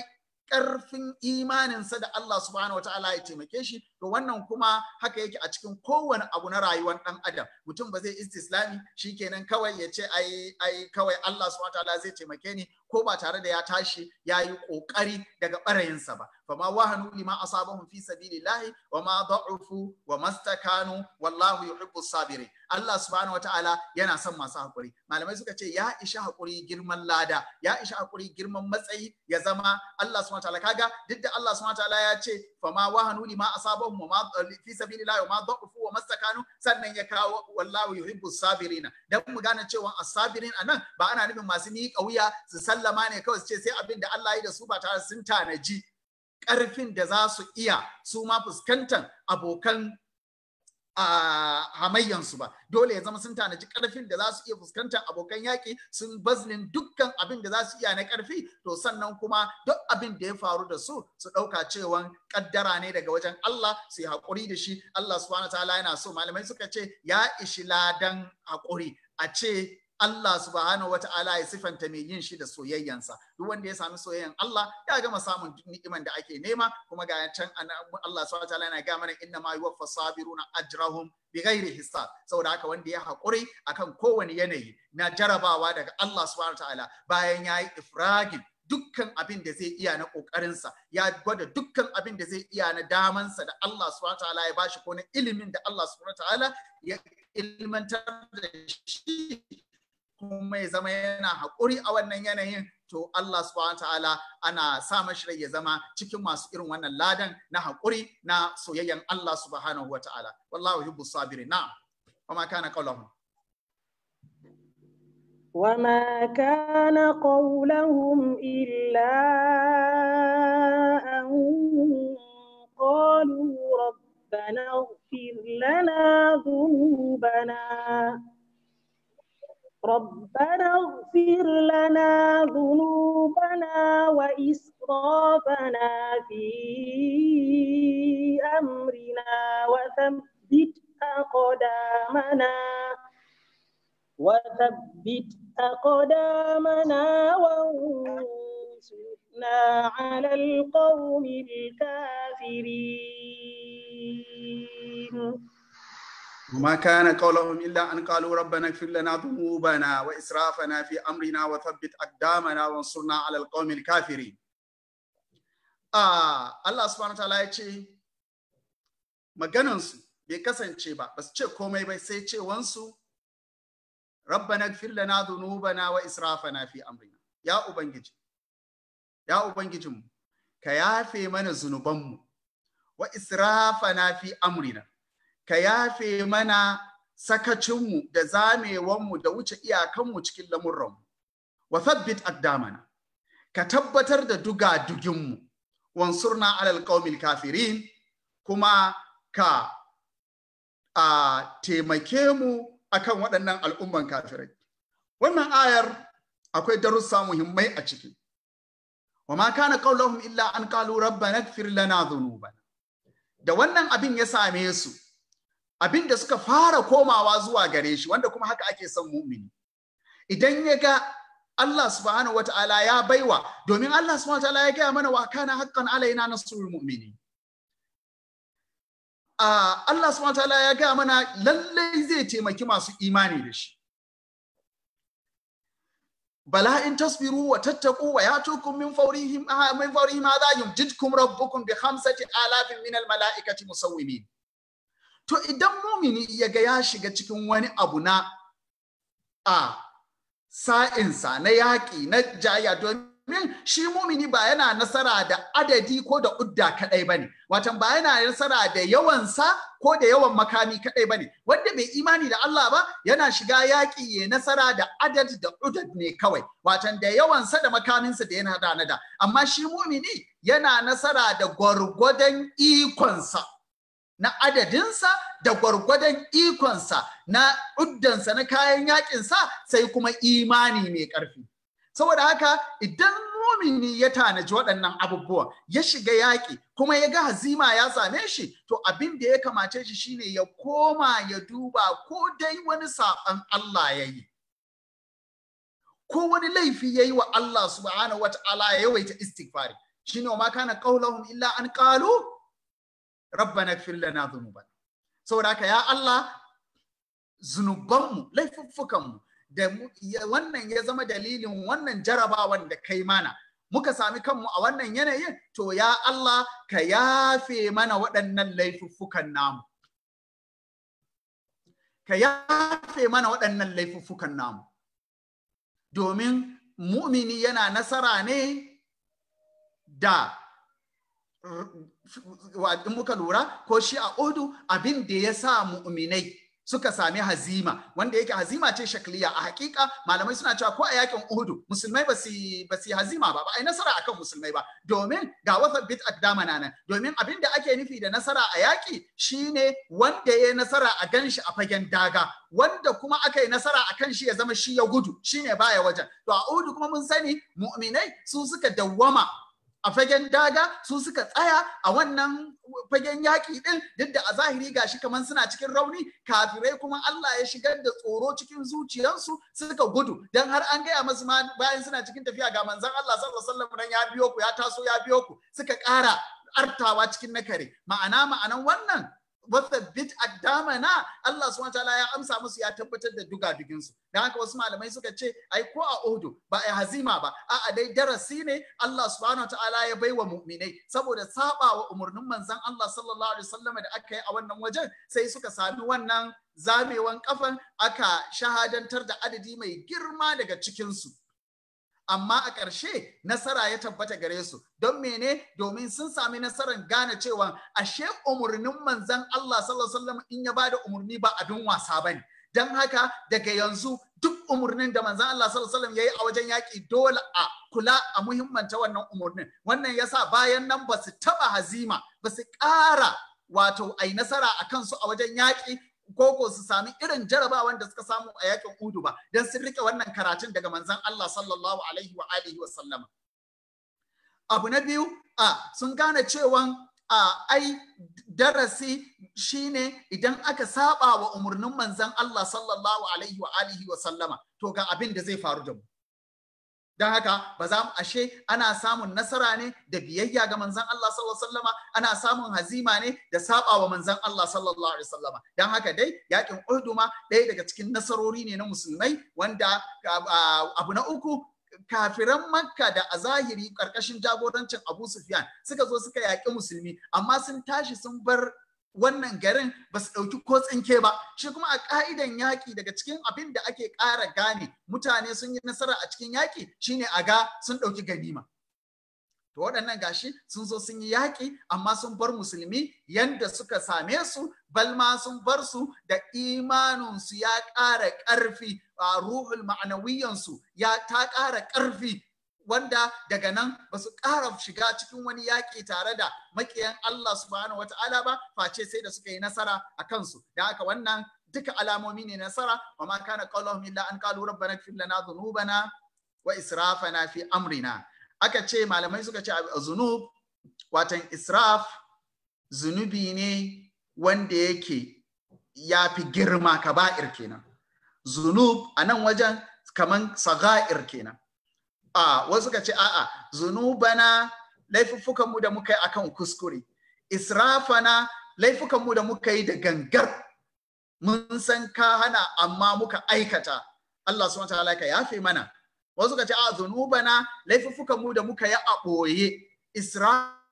Speaker 2: ƙarfin imaninsa da Allah subhanahu wataala ya taimake shi to wannan kuma haka yake a cikin kowane abu na rayuwar ɗan adam mutum ba zai istislami kenan kawai ya ce ai kawai Allah subhanahu wataala zai taimake ni ko ba tare da ya tashi ya yi ƙoƙari daga ɓarayinsa ba fama wahanu lima asabahum fi sabilillahi wa ma da'ufu wa mastakanu wallahu yuhibbu sabirin Allah subhanahu wataala yana son masu hakuri malamai suka ce ya isha hakuri girman lada ya isha hakuri girman matsayi ya zama Allah subhanahu wataala kaga duk da Allah subhanahu wataala ya ce fama wahanu lima asabahum wa ma fi sabilillahi wa ma da'ufu wa mastakanu sannan ya kawo wallahu yuhibbu sabirina dan mu gane cewa asabirin anan ba ana nufin masu miƙa wuya su sallama ne kawai su ce sai abin da Allah ya da su ba sun tanaji ƙarfin da za su iya su ma fuskantar abokan hamayyansu ba dole ya zama sun tanaji karfin da za su iya fuskantar abokan yaƙi sun bazinin dukkan abin da za su iya na karfi to sannan kuma duk abin da ya faru da su su ɗauka cewan ƙaddara ne daga wajen Allah su yi haƙuri da shi Allah subhanahu ta'ala yana so malamai suka ce ya ishi ladan haƙuri a ce Allah subhanahu ta'ala ya sifanta mai yin shi da soyayyansa duk wanda ya sami soyayyan Allah ya gama samun ni'iman da ake nema kuma ga can Allah subhanahu ta'ala yana ga mana inna ma yuwaffa sabiruna ajrahum bighairi hisab saboda haka wanda ya haƙuri akan kowane yanayi na jarabawa daga Allah subhanahu ta'ala. bayan yayi ifragin dukkan abin da zai iya na ƙoƙarinsa ya gwada dukkan abin da zai iya na damansa da Allah subhanahu ta'ala ya bashi ko na ilimin da Allah subhanahu ta'ala ya ilmantar da shi kuma ya zama yana haƙuri a wannan yanayin to Allah subhanahu ta'ala ana sa mashi rai ya zama cikin masu irin wannan ladan na haƙuri na soyayyan Allah subhanahu wa ta'ala wallahu yuhibbu sabirin na'am وما كان قولهم
Speaker 3: وما كان قولهم إلا أن قالوا ربنا اغفر لنا ذنوبنا ربنا اغفر لنا ذنوبنا وإسرافنا في أمرنا وثبت أقدامنا وثبت أقدامنا وانصرنا على القوم الكافرين
Speaker 2: وما كان قولهم إلا أن قالوا ربنا اغفر لنا ذنوبنا وإسرافنا في أمرنا وثبت أقدامنا وانصرنا على القوم الكافرين آه الله سبحانه وتعالى يقول maganansu bai kasance ba ba su ce komai bai sai ce wansu rabbana gfir lana dhunubana wa israfana fi amrina ya ubangiji mu ka yafe mana zunubanmu wa israfana fi ka yafe mana sakacinmu da zamewanmu da wuce iyakanmu cikin lamurranmu wa thabbit aqdamana ka tabbatar da duga duginmu wansurna alal qaumil kafirin kuma ka a taimake mu akan waɗannan al'umman kafirai wannan ayar akwai darussa muhimmai a ciki wa ma kana qawluhum illa an qalu rabbana ighfir lana dhunubana da wannan abin ya same su abin da suka fara komawa zuwa gare shi wanda kuma haka ake son mumini idan ya ga Allah subhanahu wata'ala ya baiwa domin Allah subhanahu wata'ala ya gaya mana wa kana haqqan alaina nasrul mu'mini Allah subhanahu wata'ala ya gaya mana lallai zai taimaki masu imani da shi bala in tasbiru wa tattaku wa yatukum min fawrihim min fawrihim adayum yumjidkum rabbukum bi khamsati alafin min al mala'ikati musawwimin to idan mumini ya ga ya shiga cikin wani abu na a sa'insa na yaƙi na jaya domin shi mumini ba yana nasara da adadi ko da udda kaɗai ba ne watan ba yana nasara da yawansa ko da yawan makami kaɗai ba ne wanda mai imani da Allah ba yana shiga yaƙi ya nasara da adad da udad ne kawai watan da yawansa da makaminsa da yana da amma shi mumini yana nasara da gwargwadon ikonsa na adadinsa da gwargwadon ikonsa na uddansa na kayan yakinsa sai kuma imani mai ƙarfi. Saboda haka idan mumini ya tanaji waɗannan abubuwa, ya shiga yaƙi kuma ya ga hazima ya same shi to abin da ya kamace shi shine ya koma ya duba ko dai wani saɓan Allah ya yi. Ko wani laifi ya yi wa Allah subhanahu wa ta'ala ya yawaita istighfari. Shine wa ma kana qaulahum illa an qalu rabbana ighfir lana dhunuban saboda haka ya Allah zunubanmu laifuffukanmu da wannan ya zama dalilin wannan jarabawan da kai mana muka sami kanmu a wannan yanayin to ya Allah ka yafe mana waɗannan laifuffukan namu ka yafe mana waɗannan laifuffukan namu domin mu'mini yana nasara ne da in muka lura ko shi a odu abin da ya sa mu'minai suka sami hazima wanda yake hazima ce shakliya a hakika malamai suna cewa ko a yakin uhudu musulmai ba su hazima ba ba ai nasara akan musulmai ba domin ga wata bit damana nan domin abin da ake nufi da nasara a yaki shine wanda ya nasara a ganshi a fagen daga wanda kuma aka yi nasara a kan shi ya zama shi ya gudu shine baya wajen to a uhudu kuma mun sani mu'minai su suka dawwama a fagen daga su suka tsaya a wannan fagen yaƙi ɗin duk da a zahiri gashi kamar suna cikin rauni kafirai kuma Allah ya shigar da tsoro cikin zuciyarsu suka gudu dan har an gaya masu ma bayan suna cikin tafiya ga manzon Allah sallallahu alaihi wasallam ya biyo ku ya taso ya biyo ku suka ƙara artawa cikin nakare ma'ana ma'anan wannan wafabit addamana Allah subhanahu wataala ya amsa musu ya tabbatar da dugagugin su dan haka wasu malamai suka ce ai ko a Uhud ba a hazima ba a a dai darasi ne Allah subhanahu Ta'ala ya wa mu'minai saboda saɓawa umarnin manzon Allah sallallahu alaihi wasallam da aka yi a wannan wajen sai suka sami wannan zamewan kafan aka shahadantar da adadi mai girma daga cikin su amma a ƙarshe nasara ya tabbata gare su don mene domin sun sami nasarar gane cewa ashe umarnin manzan Allah sallallahu alaihi wasallam in ya bada umarni ba abin wasa bane don haka daga yanzu duk umarnin da manzan Allah sallallahu alaihi wasallam yayi a wajen yaƙi dole a kula a muhimmanta wannan umarnin. wannan yasa bayan nan ba su taba hazima ba su ƙara wato ai nasara a kansu a wajen yaƙi koko su sami irin jarabawan da suka samu a yakin Udu ba dan sun rike wannan karatun daga manzon Allah sallallahu alaihi wa alihi wa sallama abu na biyu a sun gane cewan a ai darasi shine idan aka saba wa umurnin manzon Allah sallallahu alaihi wa alihi wa sallama to ga abin da zai faru da mu don haka ba za mu ashe ana samun nasara ne da biyayya ga manzan Allah sallallahu ana samun hazima ne da saba wa manzon Allah sallallahu alaihi don haka dai yakin Uhud ma ɗaya daga cikin nasarori ne na musulmai wanda abu na uku kafiran makka da a zahiri karkashin jagorancin abu sufyan suka zo suka yaƙi musulmi amma sun tashi sun bar wannan garin ba su ɗauki ko tsinke ba shi kuma a ƙa'idan yaƙi daga cikin abin da ake ƙara gane mutane sun yi nasara a cikin yaƙi shine a ga sun ɗauki ganima to waɗannan gashi sun zo sun yi yaƙi amma sun bar musulmi yanda suka same su balma sun bar su da imaninsu ya ƙara ƙarfi a ruhul ma'anawiyansu ya ta ƙara ƙarfi wanda daga nan ba su ƙara shiga cikin wani yaƙi tare da maƙiyan Allah subhanahu wa ta'ala ba face sai da suka yi nasara a kansu da haka wannan duka alamomi ne nasara wa ma kana qawluhum illa an qalu rabbana ighfir lana dhunubana wa israfana fi amrina aka ce malamai suka ce zunub watan israf zunubi ne wanda yake ya fi girma kaba'ir kenan zunub a nan wajen kaman saga'ir kenan a wasu ka ce a'a zunubana laifuffukan mu da muka yi a kan kuskure israfana laifukanmu mu da muka yi da gangar mun san ka hana amma muka aikata Allah subhanahu wa ta'ala ka yafe mana wasu ka ce a zunubana laifuffukan mu da muka yi a ɓoye israfana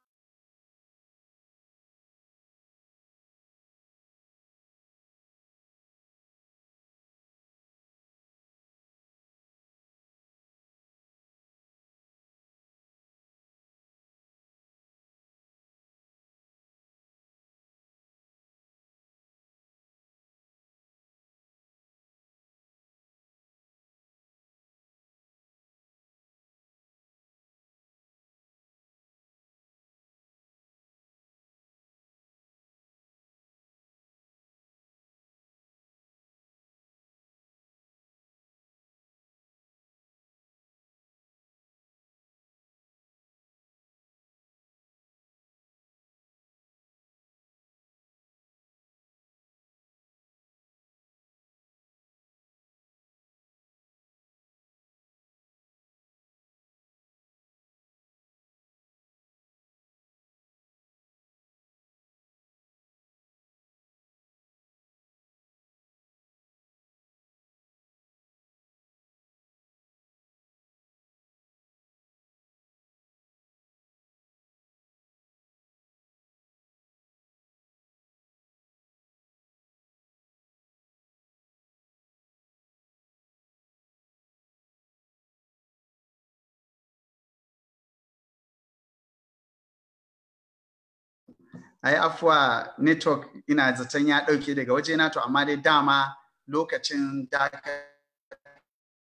Speaker 2: ai afuwa network ina zaton ya ɗauke daga waje na to amma dai dama lokacin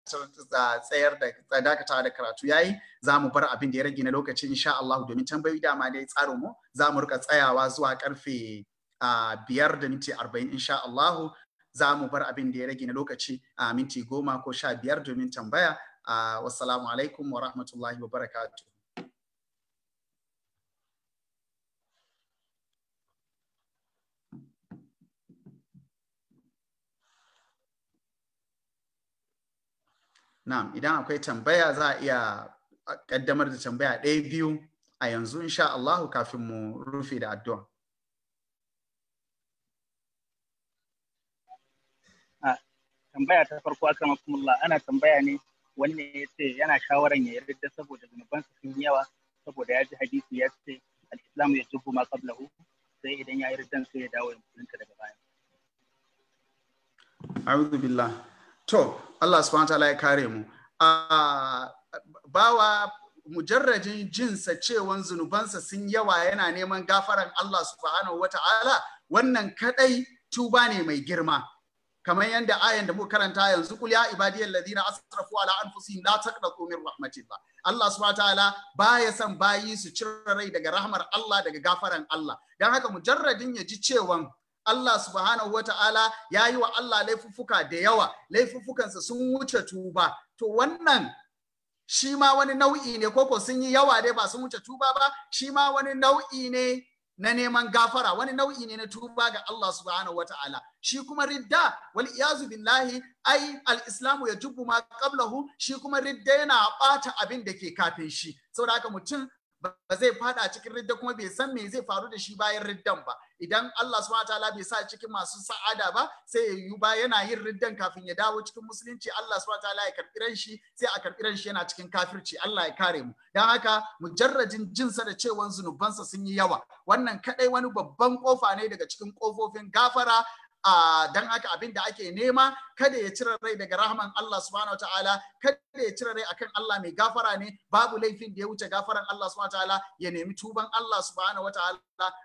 Speaker 2: tsayar da dakatawa da karatu yayi za mu bar abin da ya rage na lokaci insha Allah domin tambayoyi dama dai tsarin mu za mu rika tsayawa zuwa karfe biyar da minti arba'in insha Allah za mu bar abin da ya rage na lokaci a minti goma ko sha biyar domin tambaya wassalamu alaikum wa rahmatullahi wa barakatuh na'am idan akwai tambaya za a iya kaddamar da tambaya ɗaya biyu a yanzu insha Allahu kafin mu rufe da addu'a
Speaker 4: tambaya ta farko akramakumullah ana tambaya ne wanne ya ce yana shawaran ya yarda saboda zunubansa sun yawa saboda ya ji hadisi ya ce al-islamu ya tubu ma qablahu sai idan ya yarda sai ya dawo ya daga baya
Speaker 2: a'udhu to Allah subhanahu ta'ala ya kare mu a bawa mujarrajin jinsa cewan zunubansa sun yawa yana neman gafaran Allah subhanahu ta'ala wannan kadai tuba ne mai girma kamar yadda ayan da muka karanta yanzu kul ya ibadiyal ladina asrafu ala anfusihim la taqnatu min rahmatillah Allah subhanahu ta'ala baya son bayi su cire rai daga rahmar Allah daga gafaran Allah dan haka mujarradin ya ji cewan Allah subhanahu wa ta'ala ya yi wa Allah laifuffuka da yawa laifufukansa sun wuce tuba to wannan shi ma wani nau'i ne koko sun yi yawa dai ba sun wuce tuba ba shi ma wani nau'i ne na neman gafara wani nau'i ne na tuba ga Allah subhanahu wa ta'ala shi kuma ridda wal iyazu billahi ai al islamu ya jubu ma qablahu shi kuma ridda yana bata abin da ke kafin shi saboda haka mutum ba zai fada cikin ridda kuma bai san me zai faru da shi bayan riddan ba idan Allah subhanahu wataala bai sa cikin masu sa'ada ba sai ya yi ba yana yin riddan kafin ya dawo cikin musulunci Allah subhanahu wataala ya karɓi ran shi sai a karbi ran shi yana cikin kafirci Allah ya kare mu dan haka mujarrajin jin sa da cewan zunubansa sun yi yawa wannan kadai wani babban kofa ne daga cikin kofofin gafara dan haka abin da ake nema kada ya cire rai daga rahman Allah subhanahu wataala kada ya cire rai akan Allah mai gafara ne babu laifin da ya wuce gafaran Allah subhanahu wataala ya nemi tuban Allah subhanahu wataala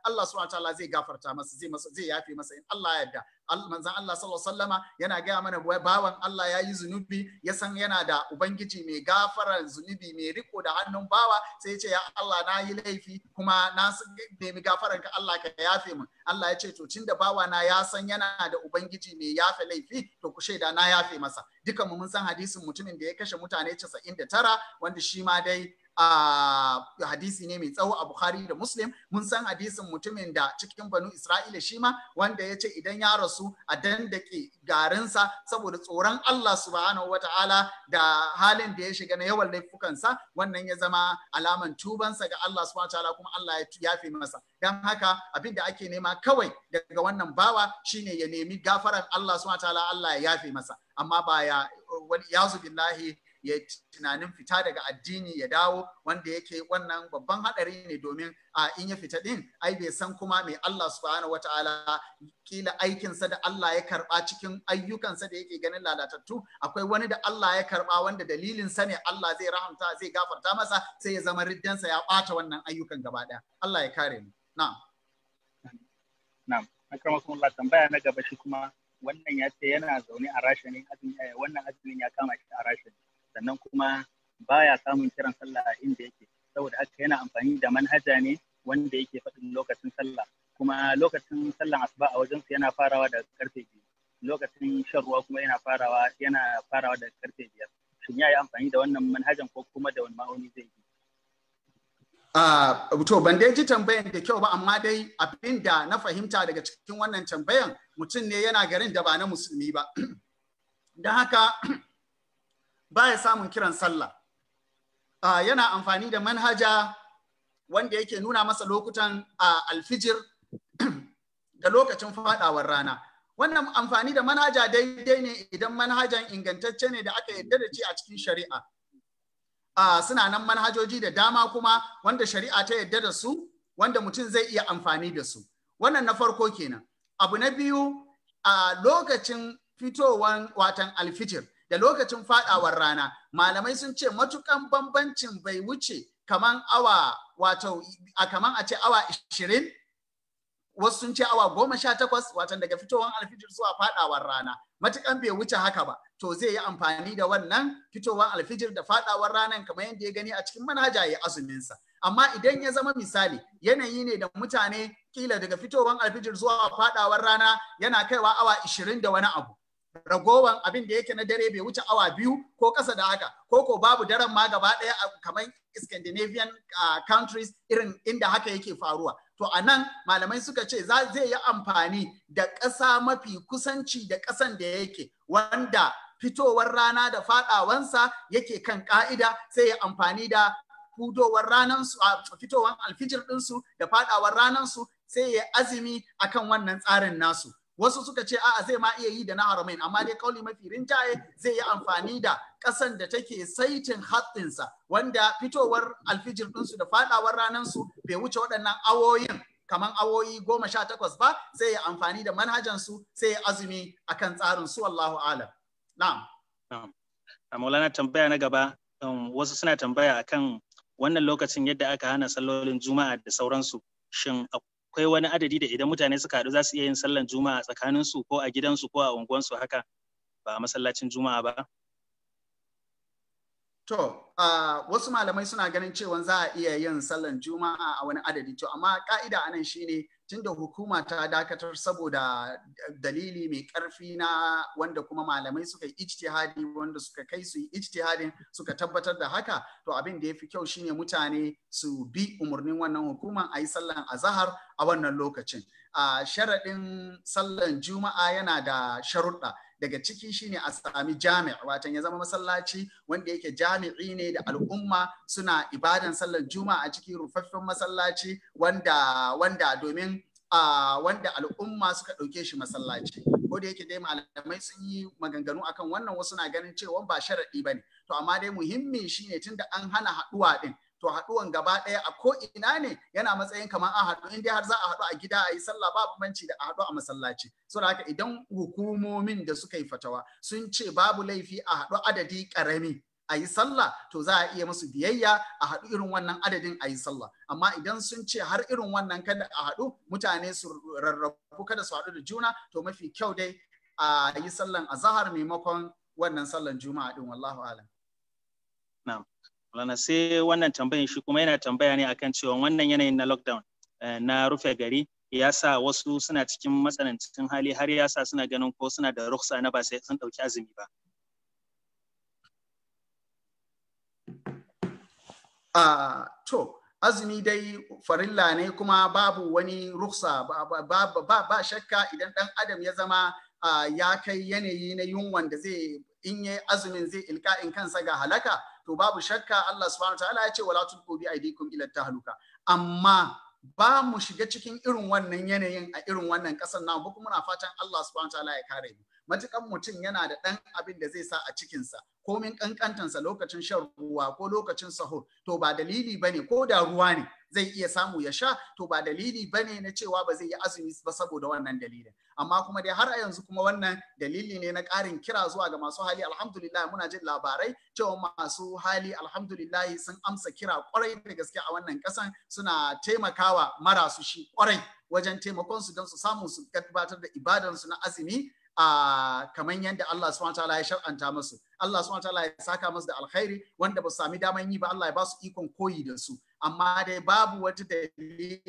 Speaker 2: Allah subhanahu wataala zai gafarta masa zai masa zai yafe masa in Allah ya yarda manzon Allah sallallahu sallama yana gaya mana bawan Allah ya yi zunubi ya san yana da ubangiji mai gafara zunubi mai riko da hannun bawa sai ya ce ya Allah na yi laifi kuma na nemi gafaran ka Allah ka yafe min Allah ya ce to tunda bawa na ya san yana da ubangiji mai yafe laifi to ku shaida na yafe masa dukan mu mun san hadisin mutumin da ya kashe mutane 99 wanda shi ma dai a hadisi ne mai tsawo a Bukhari da Muslim mun san hadisin mutumin da cikin banu Isra'ila shi ma wanda ya ce idan ya rasu a dandake garinsa saboda tsoron Allah subhanahu wata'ala da halin da ya shiga na yawan laifukansa wannan ya zama alaman tubansa ga Allah subhanahu wata'ala kuma Allah ya yafe masa dan haka abin da ake nema kawai daga wannan bawa shine ya nemi gafaran Allah subhanahu wata'ala Allah ya yafe masa amma ba ya wal billahi ya tunanin fita daga addini ya dawo wanda yake wannan babban hadari ne domin a in ya fita din ai bai san kuma mai Allah subhanahu wataala kila aikinsa da Allah ya karba cikin ayyukansa da yake ganin lalatattu akwai wani da Allah ya karba wanda dalilin sa ne Allah zai rahamta zai gafarta masa sai ya zama riddansa ya bata wannan ayyukan gaba daya Allah ya kare mu na'am na'am Allah tambaya na gaba shi kuma wannan ya ce yana zaune a rashin eh, wannan azumin ya kama shi a rashin
Speaker 4: sannan kuma baya samun kiran sallah a inda yake saboda haka yana amfani da manhaja ne wanda yake faɗin lokacin sallah kuma lokacin sallan asuba a wajensu yana farawa da karfe biyu lokacin shan ruwa kuma yana farawa yana farawa da karfe biyar
Speaker 2: shin ya yi amfani da wannan manhajan ko kuma da wani ma'auni zai yi Uh, to ban dai ji tambayan da kyau ba amma dai abin da na fahimta daga cikin wannan tambayan mutum ne yana garin da ba na musulmi ba. Don haka baya samun kiran sallah ah, yana amfani da manhaja wanda yake nuna masa lokutan alfijir da lokacin fadawar rana wannan amfani da manhaja daidai ne idan manhajan ingantacce ne da aka yadda da ci a cikin shari'a ah, suna nan manhajoji da dama kuma wanda shari'a ta yadda da su wanda mutum zai iya amfani da su wannan na farko kenan abu na biyu a lokacin fitowan watan alfijir da lokacin faɗawar rana malamai sun ce matukan bambancin bai wuce kaman awa wato a kaman a ce awa 20 wasu sun ce awa goma sha takwas watan daga fitowar alfijir zuwa fadawar rana matukan bai wuce haka ba to zai yi amfani da wannan fitowar alfijir da fadawar ranan kamar yadda ya gani a cikin manhaja ya azuminsa amma idan ya zama misali yanayi ne da mutane kila daga fitowar alfijir zuwa fadawar rana yana kaiwa awa 20 da wani abu ragowan abin da yake na dare bai wuce awa biyu ko kasa da haka ko ko babu daren ma gaba ɗaya kamar scandinavian uh, countries irin inda haka yake faruwa to a nan malamai suka ce zai yi amfani da ƙasa mafi kusanci da ƙasan da yake wanda fitowar rana da faɗawansa yake kan ƙa'ida sai ya amfani da fudowar ranansu a ah, fitowar alfijir ɗinsu da faɗawar su sai ya azumi akan wannan tsarin nasu wasu suka ce a'a zai ma iya yi da na haramain amma dai kauli mafi rinjaye zai yi amfani da ƙasan da take saitin hatsinsa wanda fitowar alfijir ɗinsu da faɗawar ranansu bai wuce waɗannan awoyin kamar awoyi goma sha takwas ba sai yi amfani da manhajan su sai ya azumi akan tsarin su wallahu alam na'am maulana
Speaker 4: tambaya na gaba um, wasu suna tambaya akan wannan lokacin yadda aka hana sallolin juma'a da sauransu shin akwai wani adadi da idan mutane suka haɗu za su iya yin sallan juma'a tsakanin su ko a gidansu ko a unguwansu haka ba a masallacin juma'a ba
Speaker 2: To, a wasu malamai suna ganin cewa za a iya yin sallan juma'a a wani adadi to amma ka'ida anan shine tunda hukuma ta dakatar saboda dalili mai karfi na wanda kuma malamai suka yi ijtihadi wanda suka kai su yi ijtihadin suka tabbatar da haka to abin da ya fi kyau shine mutane su bi umarnin wannan hukuman a yi sallan azahar a wannan lokacin a sharaɗin sallan juma'a yana da sharuɗa daga ciki shine a sami jami' watan ya zama masallaci wanda yake jami'i ne da al'umma suna ibadan sallan juma'a a ciki, rufaffen masallaci wanda domin a wanda al'umma suka ɗauke shi masallaci ko da yake dai malamai sun yi maganganu akan wannan wasu na ganin cewa ba sharaɗi ba ne to amma dai muhimmi shine tunda an hana haɗuwa ɗin to haɗuwan gaba ɗaya a ko ina ne yana matsayin kamar a haɗu in dai har za a haɗu a gida a yi sallah babu manci da a haɗu a masallaci So da haka idan hukumomin da suka yi fatawa sun ce babu laifi a haɗu adadi ƙarami a yi sallah to za a iya musu biyayya a haɗu irin wannan adadin a yi sallah amma idan sun ce har irin wannan kada a haɗu mutane su rarrabu kada su haɗu da juna to mafi kyau dai a yi sallan azahar maimakon wannan sallan juma'a din wallahu alam
Speaker 4: Maulana sai wannan tambayin shi kuma yana tambaya ne akan cewa wannan yanayin na lockdown eh, na rufe gari ya sa wasu suna cikin matsanancin hali har ya sa suna ganin ko suna da ruksa na ba sai sun ɗauki azumi ba.
Speaker 2: to, azumi dai farilla ne kuma babu wani ruksa ba, shakka idan ɗan adam ya zama uh, ya kai yanayi na yunwan da zai in yi azumin zai ilka in kansa ga halaka. to babu shakka Allah subhanahu wataala ya ce wala tulqu bi aidikum ila tahluka amma ba mu shiga cikin irin wannan yanayin a irin wannan kasar namu ba kuma muna fatan Allah subhanahu wataala ya kare mu matukan mutum yana da ɗan abin da zai sa a cikin sa komin kankantansa lokacin shan ruwa ko lokacin sahur to ba dalili bane ko da ruwa ne zai iya samu ya sha to ba dalili bane na cewa ba zai yi azumi ba saboda wannan dalilin amma kuma dai har a yanzu kuma wannan dalili ne na ƙarin kira zuwa ga masu hali alhamdulillah muna jin labarai cewa masu hali alhamdulillah sun amsa kira kwarai da gaske a wannan ƙasan suna taimakawa marasu shi kwarai wajen taimakon su don su samu su gabatar da ibadansu na azumi a kamar yadda Allah subhanahu wataala ya shar'anta masu, Allah subhanahu wataala ya saka musu da alkhairi wanda ba su sami daman yi ba Allah ya ba su ikon koyi da su amma dai babu wata dalili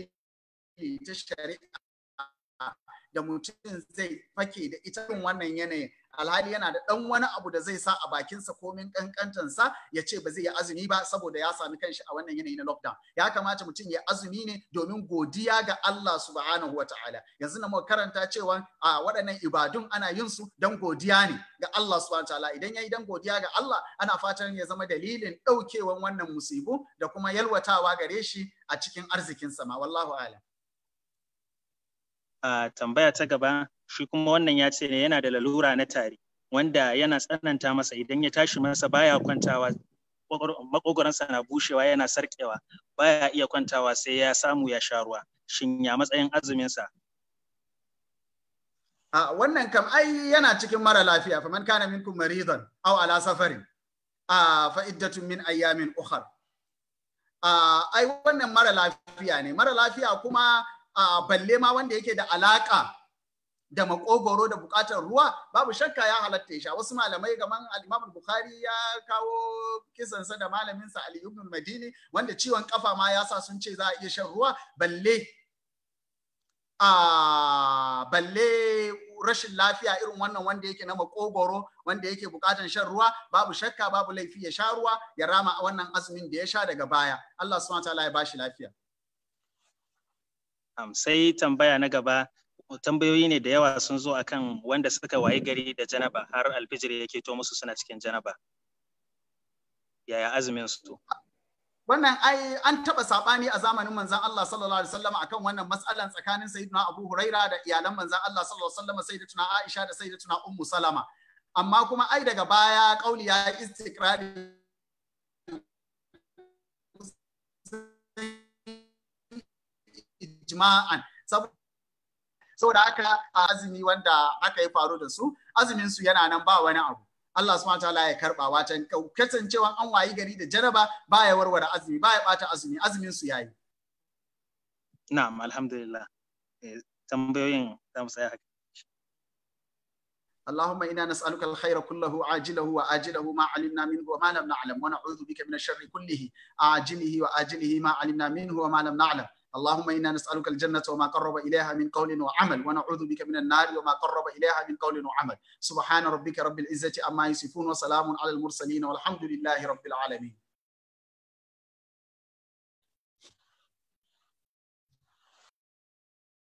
Speaker 2: ta shari'a da mutum zai fake da ita wannan yanayin alhali yana da ɗan wani abu da zai sa a bakinsa komin ƙanƙantansa ya ce ba zai yi azumi ba saboda ya sami kanshi a wannan yanayi na lockdown ya kamata mutum ya azumi ne domin godiya ga Allah subhanahu wataala yanzu na mu karanta cewa a waɗannan ibadun ana yin su don godiya ne ga Allah subhanahu wataala idan yayi yi don godiya ga Allah ana fatan ya zama dalilin ɗaukewan wannan musibu da kuma yalwatawa gare shi a cikin arzikin sama wallahu alam.
Speaker 4: a tambaya ta gaba shi kuma wannan ya ce yana da lalura na tari wanda yana tsananta masa idan ya tashi masa baya kwantawa makogoransa na bushewa yana sarkewa baya iya kwantawa sai ya samu ya sha ruwa shin ya matsayin azuminsa
Speaker 2: a wannan kam ai yana cikin mara lafiya faman kana minkum maridan aw ala safarin a fa iddatun min ayyamin a ai wannan mara lafiya ne mara lafiya kuma a balle ma wanda yake da alaka da makogoro da bukatar ruwa babu shakka ya halatta shi wasu malamai gaman al-Imam Bukhari ya kawo sa da malamin sa Ali ibn Madini wanda ciwon kafa ma ya sa sun ce za a iya shan ruwa balle a balle rashin lafiya irin wannan wanda yake na makogoro wanda yake bukatar shan ruwa babu shakka babu laifi ya sha ruwa ya rama wannan azumin da ya sha daga baya Allah subhanahu wa ta'ala ya bashi lafiya
Speaker 4: am sai tambaya na gaba tambayoyi ne da yawa sun zo akan wanda suka waye gari da janaba har alfijir yake to musu suna cikin janaba yaya azumin su
Speaker 2: wannan ai an taba sabani a zamanin manzon Allah sallallahu alaihi wasallam akan wannan mas'alan tsakanin sayyidina Abu Huraira da iyalan manzon Allah sallallahu alaihi wasallam sayyidatuna Aisha da sayyidatuna Ummu Salama amma kuma ai daga baya kauli ya istiqrari ijma'an saboda saboda haka a azumi wanda aka yi faru da su azumin su yana nan ba wani abu Allah subhanahu wataala ya karba watan kasancewa an wayi gari da jaraba ba ya warware azumi ba ya bata azumi azumin su yayi na'am alhamdulillah eh, tambayoyin za mu tsaya haka اللهم انا نسالك الخير كله عاجله واجله ما علمنا منه وما لم نعلم ونعوذ بك من الشر كله عاجله واجله ما علمنا منه وما لم نعلم اللهم انا نسالك الجنه وما قرب اليها من قول وعمل ونعوذ بك من النار وما قرب اليها من قول وعمل سبحان ربك رب العزه عما يصفون وسلام على المرسلين والحمد لله رب العالمين